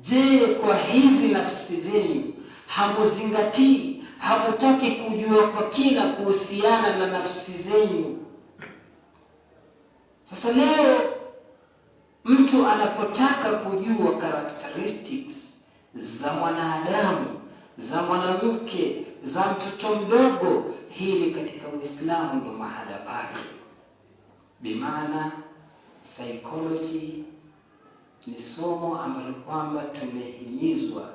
Je, kwa hizi nafsi zenu hamuzingatii, hamutaki kujua kwa kina kuhusiana na nafsi zenu? Sasa leo mtu anapotaka kujua characteristics za mwanadamu, za mwanamke, za mtoto mdogo, hili katika Uislamu ndo mahala pake, bimaana psychology ni somo ambalo kwamba tumehimizwa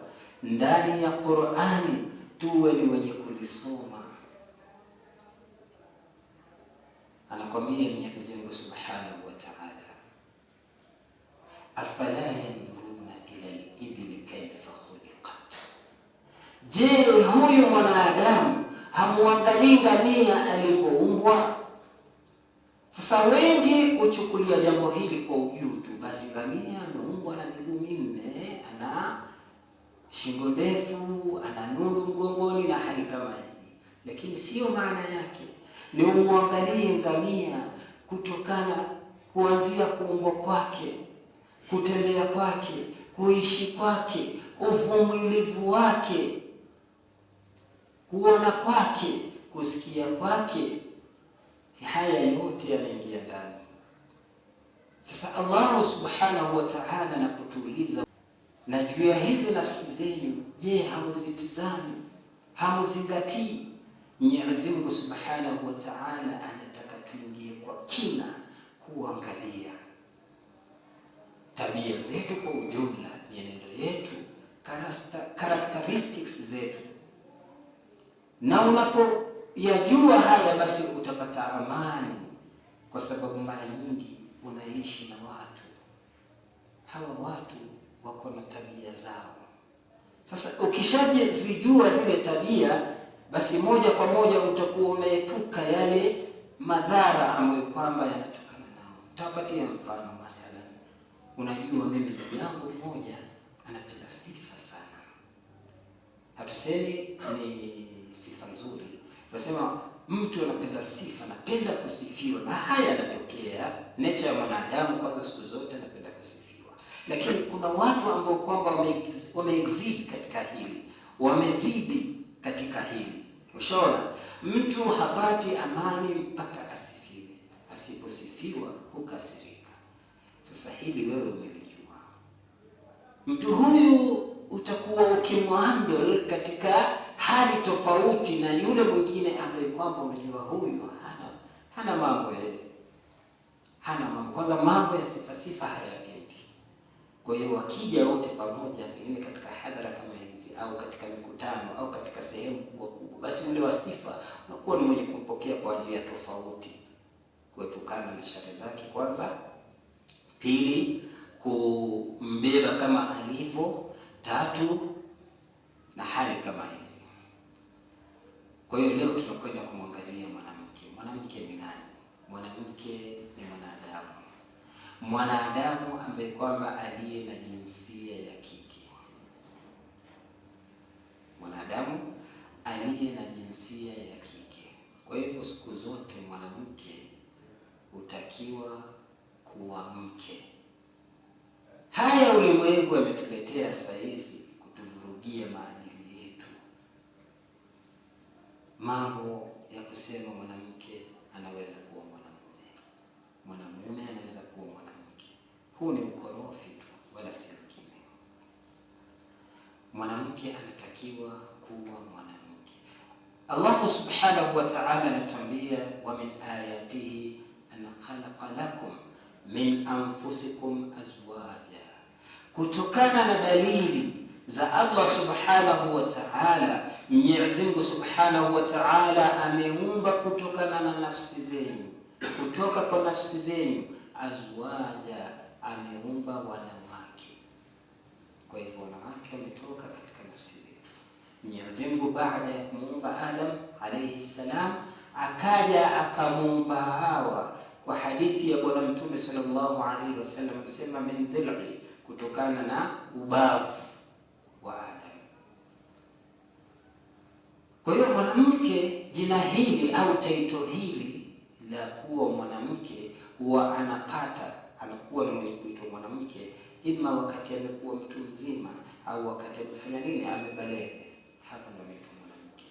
ndani ya Qur'ani tuwe ni wenye kulisoma. Anakwambia Mwenyezi Mungu Subhanahu wa Ta'ala, afala yanduruna ila al-ibli kayfa khuliqat, je, huyu mwanadamu hamwangalii ngamia alivyoumbwa? wengi huchukulia jambo hili kwa ujutu, basi ngamia ameumbwa na miguu minne, ana shingo ndefu, ana nundu mgongoni na hali kama hii, lakini siyo maana yake. Ni umwangalie ngamia kutokana kuanzia kuumbwa kwake, kutembea kwake, kuishi kwake, uvumilivu wake, kuona kwake, kusikia kwake haya yote yanaingia ndani. Sasa Allahu subhanahu wa ta'ala anapotuuliza na juu ya hizi nafsi zenu, je, hamuzitizami? Hamuzingatii? Mwenyezi Mungu subhanahu wa ta'ala anataka tuingie kwa kina kuangalia tabia zetu kwa ujumla, mienendo yetu, characteristics zetu, na unapo jua haya, basi utapata amani, kwa sababu mara nyingi unaishi na watu hawa, watu wako na tabia zao. Sasa ukishajizijua zile tabia, basi moja kwa moja utakuwa unaepuka yale madhara ambayo kwamba yanatokana nao. Tapatia mfano, mathalan, unajua mimi ndugu yangu mmoja anapenda sifa sana, hatusemi ni sifa nzuri Nasema mtu anapenda sifa, anapenda kusifiwa, na haya yanatokea nature ya mwanadamu. Kwanza siku zote anapenda kusifiwa, lakini kuna watu ambao kwamba wameexceed katika hili, wamezidi katika hili. Ushaona, mtu hapati amani mpaka asifiwe, asiposifiwa hukasirika. Sasa hili wewe umelijua, mtu huyu utakuwa ukimwandol katika hali tofauti na yule mwingine ambaye kwamba umejua huyu hana hana mambo ya hana mambo. Kwanza mambo ya sifa sifa hayapendi. Kwa hiyo wakija wote pamoja, pengine katika hadhara kama hizi au katika mikutano au katika sehemu kubwa kubwa, basi ule wa sifa unakuwa ni mwenye kumpokea kwa njia tofauti, kuepukana na shari zake kwanza, pili kumbeba kama alivyo, tatu na hali kama hii. Kwa hiyo leo tunakwenda kumwangalia mwanamke. Mwanamke ni nani? Mwanamke ni mwanadamu, mwanadamu ambaye kwamba aliye na jinsia ya kike, mwanadamu aliye na jinsia ya kike. Kwa hivyo siku zote mwanamke hutakiwa kuwa mke. Haya ulimwengu ametuletea saizi kutuvurugia maadili mambo ya kusema mwanamke anaweza kuwa mwanamume, mwanamume anaweza kuwa mwanamke. Huu ni ukorofi tu, wala si kingine. Mwanamke anatakiwa kuwa mwanamke. Allahu subhanahu wa ta'ala anatambia, wa min ayatihi an khalaqa lakum min anfusikum azwaja, kutokana na dalili za Allah subhanahu wa ta'ala. Mwenyezi Mungu subhanahu wa ta'ala ameumba kutokana na nafsi zenu, kutoka kwa nafsi zenu azwaja, ameumba wanawake. Kwa hivyo wanawake wametoka katika nafsi zetu. Mwenyezi Mungu baada ya kumuumba Adam alayhi salam, akaja akamuumba Hawa kwa hadithi ya Bwana Mtume sallallahu alayhi wasallam, sema min dhil'i, kutokana na ubavu mwanamke, jina hili au taito hili la kuwa mwanamke huwa anapata, anakuwa ni mwenye kuitwa mwanamke ima wakati amekuwa mtu mzima au wakati amefanya nini, amebalege. Hapa ndo anaitwa mwanamke.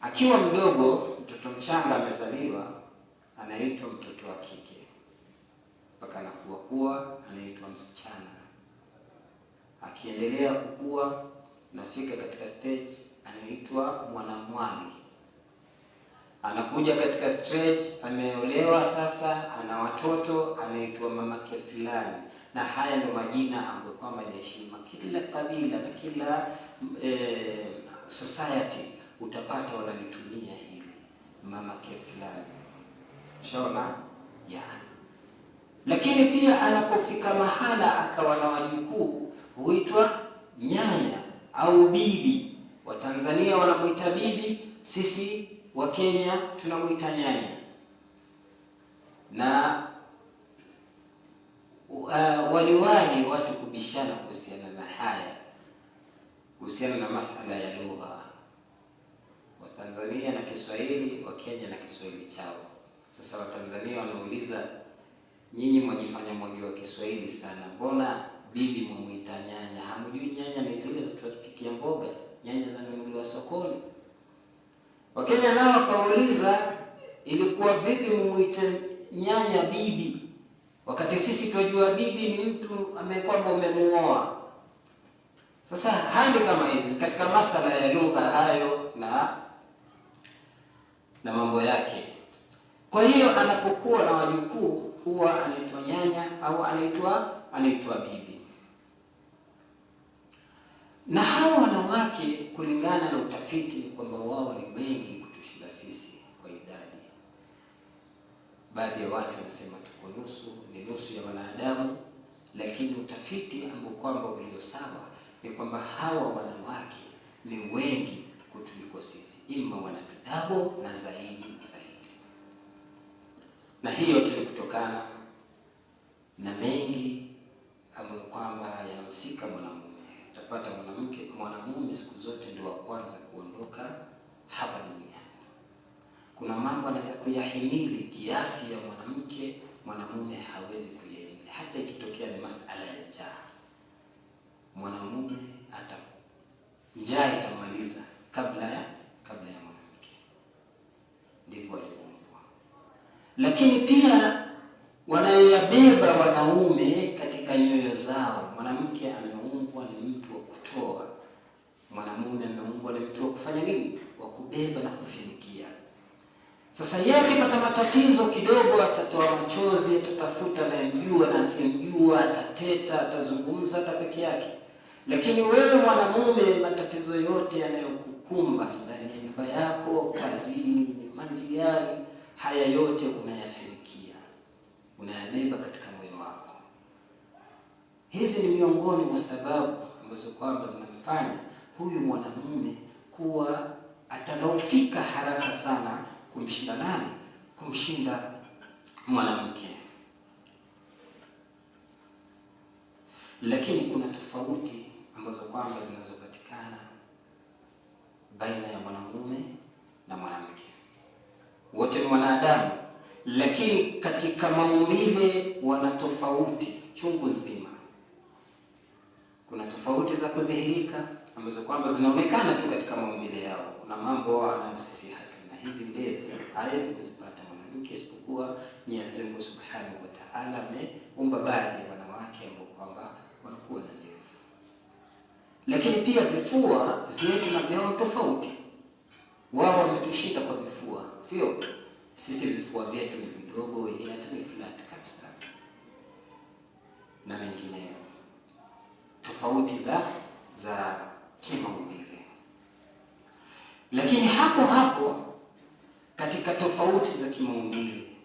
Akiwa mdogo, mtoto mchanga amezaliwa, anaitwa mtoto wa kike mpaka anakuwa kuwa anaitwa msichana, akiendelea kukua nafika katika stage anaitwa mwanamwali, anakuja katika stage, ameolewa sasa, ana watoto, anaitwa mamake fulani, na haya ndio majina ambayo kwamba ni heshima. Kila kabila na kila eh, society utapata wanalitumia hili mamake fulani, shaona yeah. Lakini pia anapofika mahala akawa na wajukuu huitwa nyanya au bibi. Watanzania wanamuita bibi, sisi wa Kenya tunamuita nyanya. Na uh, waliwahi watu kubishana kuhusiana na haya, kuhusiana na masala ya lugha, Watanzania na Kiswahili, Wakenya na Kiswahili chao. Sasa Watanzania wanauliza, nyinyi mwajifanya mwajua Kiswahili sana, mbona bibi mumwita nyanya. Hamjui nyanya ni zile tunazopikia mboga, nyanya zinanunuliwa sokoni. Wakenya nao wakauliza, ilikuwa vipi mumwite nyanya bibi, wakati sisi tunajua bibi ni mtu amekwamba umemuoa. Sasa hali kama hizi katika masala ya lugha hayo na na mambo yake. Kwa hiyo anapokuwa na wajukuu huwa anaitwa nyanya au anaitwa anaitwa bibi. Na hawa wanawake kulingana na utafiti ni kwamba wao ni wengi kutushinda sisi kwa idadi. Baadhi ya watu wanasema tuko nusu, ni nusu ya wanadamu, lakini utafiti ambao kwamba ulio sawa ni kwamba hawa wanawake ni wengi kutuliko sisi, ima wanatudabo na zaidi na zaidi, na hii yote ni kutokana na mengi ambayo kwamba yanamfika mwanamke kupata mwanamke, mwanamume siku zote ndio wa kwanza kuondoka hapa duniani. Kuna mambo anaweza kuyahimili kiafya ya mwanamke, mwanamume hawezi kuyahimili. Hata ikitokea ni masala ya njaa, mwanamume hata njaa itamaliza kabla ya kabla ya mwanamke, ndivyo walivyoumbwa. Lakini pia wanayoyabeba wanaume katika nyoyo zao, mwanamke ame Mungu na Mungu alimtoa kufanya nini? Wa kubeba na kufinikia. Sasa yeye akipata matatizo kidogo, atatoa machozi, atatafuta anayemjua na asiyemjua, atateta, atazungumza hata peke yake. Lakini wewe mwanamume, matatizo yote yanayokukumba ndani ya nyumba yako, kazini, manjiani, haya yote unayafinikia, unayabeba katika moyo wako. Hizi ni miongoni mwa sababu ambazo kwamba zinamfanya huyu mwanamume kuwa atadhoofika haraka sana kumshinda nani? Kumshinda mwanamke. Lakini kuna tofauti ambazo kwamba zinazopatikana baina ya mwanamume na mwanamke. Wote ni wanadamu, lakini katika maumbile wana tofauti chungu nzima. Kuna tofauti za kudhihirika ambazo kwamba zinaonekana tu katika maumbile yao. Kuna mambo wanayo sisi hatuna, hizi ndevu hawezi kuzipata mwanamke, isipokuwa Mwenyezi Mungu Subhanahu wa Ta'ala ameumba baadhi ya wanawake ambao kwamba wanakuwa na ndevu. Lakini pia vifua vyetu na vyao tofauti. Wao wametushinda kwa vifua, sio sisi. Vifua vyetu ni vidogo, wengine hata ni flat kabisa na mengineyo, tofauti za za mbili. Lakini hapo hapo katika tofauti za kimaumbili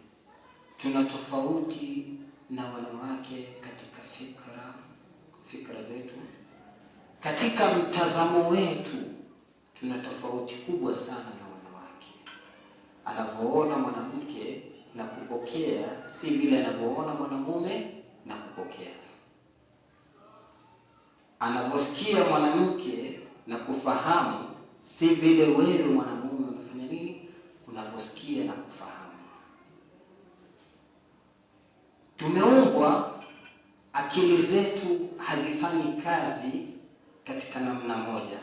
tuna tofauti na wanawake katika fikra, fikra zetu, katika mtazamo wetu, tuna tofauti kubwa sana na wanawake. Anavyoona mwanamke na kupokea si vile anavyoona mwanamume na kupokea anavyosikia mwanamke na kufahamu, si vile wewe mwanamume unafanya nini, unavyosikia na kufahamu. Tumeumbwa, akili zetu hazifanyi kazi katika namna moja.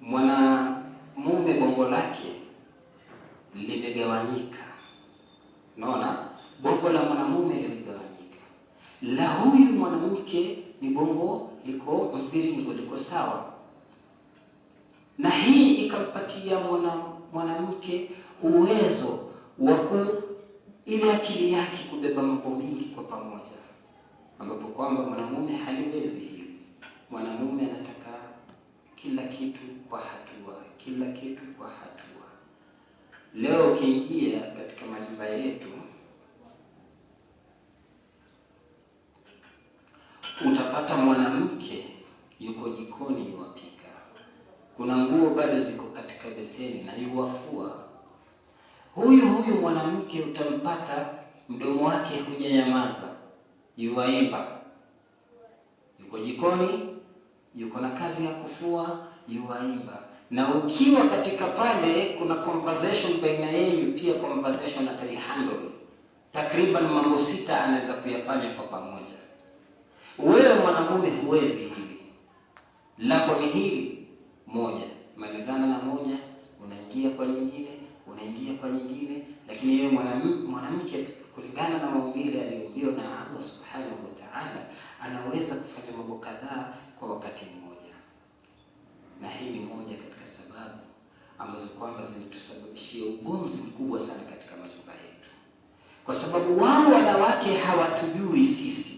Mwanamume bongo lake limegawanyika, naona bongo la mwanamume limegawanyika, la huyu mwanamke ni bongo liko mviringo liko sawa, na hii ikampatia mwana mwanamke uwezo wa ku ile akili yake kubeba mambo mengi kwa pamoja, ambapo kwamba mwanamume haliwezi hili. Mwanamume anataka kila kitu kwa hatua, kila kitu kwa hatua. Leo ukiingia katika majumba yetu Utapata mwanamke yuko jikoni yuwapika, kuna nguo bado ziko katika beseni na yuwafua. Huyu huyu mwanamke utampata mdomo wake hujanyamaza, yuwaimba, yuko jikoni, yuko na kazi ya kufua, yuwaimba na ukiwa katika pale, kuna conversation baina yenu, pia conversation ataihandle. Takriban mambo sita anaweza kuyafanya kwa pamoja. Wewe mwanamume huwezi hili, lako ni hili moja, malizana na moja, unaingia kwa nyingine, unaingia kwa nyingine. Lakini yeye mwanamke, kulingana na maumbile aliyoumbiwa na Allah subhanahu wa ta'ala, anaweza kufanya mambo kadhaa kwa wakati mmoja, na hii ni moja katika sababu ambazo kwamba zinatusababishia ugomvi mkubwa sana katika majumba yetu, kwa sababu wao wanawake hawatujui sisi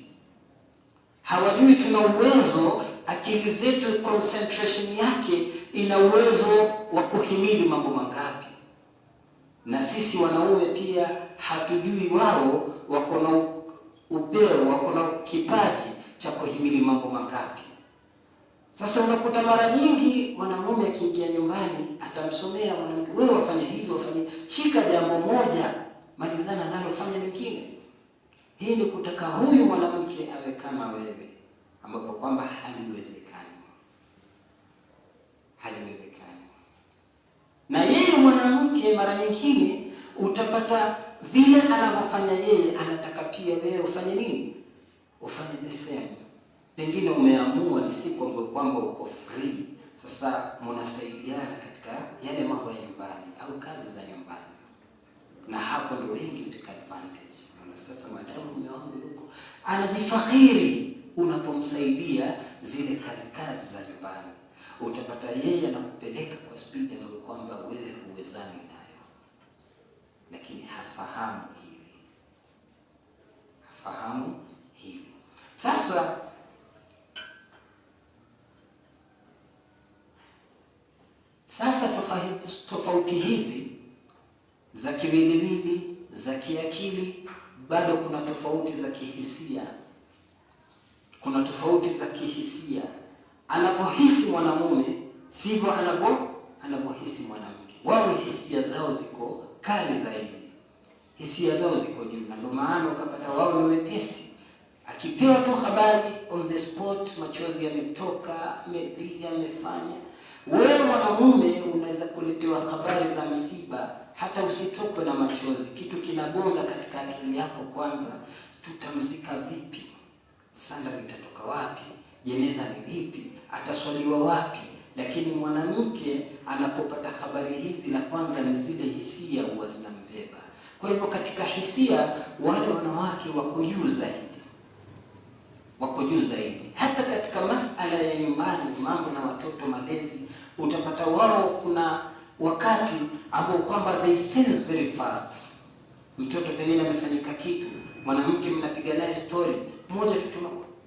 hawajui tuna uwezo, akili zetu concentration yake ina uwezo wa kuhimili mambo mangapi, na sisi wanaume pia hatujui wao wako na upeo, wako na kipaji cha kuhimili mambo mangapi. Sasa unakuta mara nyingi mwanamume akiingia nyumbani atamsomea mwanamke, wewe wafanya hili, wafanya shika jambo moja, malizana nalo, fanya lingine ili kutaka huyu mwanamke awe kama wewe, ambapo kwamba haliwezekani, haliwezekani. Na yeye mwanamke mara nyingine utapata vile anavyofanya yeye, anataka pia wewe ufanye nini? Ufanye the same. Pengine umeamua ni siku ambayo kwamba uko free, sasa mnasaidiana katika yale mambo ya nyumbani au kazi za nyumbani, na hapo ndio Anajifakhiri unapomsaidia zile kazi kazi za nyumbani, utapata yeye anakupeleka kwa spidi ambayo kwamba wewe huwezani nayo, lakini hafahamu hili, hafahamu hili. Sasa sasa tofauti hizi za kiwiliwili za kiakili bado kuna tofauti za kihisia, kuna tofauti za kihisia. Anavyohisi mwanamume sivyo anavyo anavyohisi mwanamke. Wao hisia zao ziko kali zaidi, hisia zao ziko juu, na ndio maana ukapata wao ni wepesi akipewa tu habari on the spot, machozi yametoka, amelia, amefanya. Wewe mwanamume unaweza kuletewa habari za msiba hata usitokwe na machozi. Kitu kinagonga katika akili yako kwanza, tutamzika vipi? Sanda litatoka wapi? Jeneza ni vipi Ataswaliwa wapi? Lakini mwanamke anapopata habari hizi, la kwanza ni zile hisia huwa zinambeba. Kwa hivyo katika hisia, wale wanawake wako juu zaidi, wako juu zaidi. Hata katika masala ya nyumbani, mambo na watoto, malezi, utapata wao kuna wakati ambao kwamba they sense very fast. Mtoto pengine amefanyika kitu, mwanamke mnapiga naye story moja tu,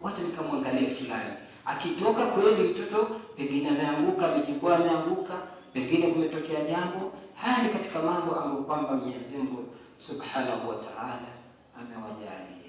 wacha nikamwangalie fulani akitoka kweli, mtoto pengine ameanguka, amejikwaa, ameanguka, pengine kumetokea jambo. Haya ni katika mambo ambayo kwamba Mwenyezi Mungu Subhanahu wa Ta'ala amewajalia.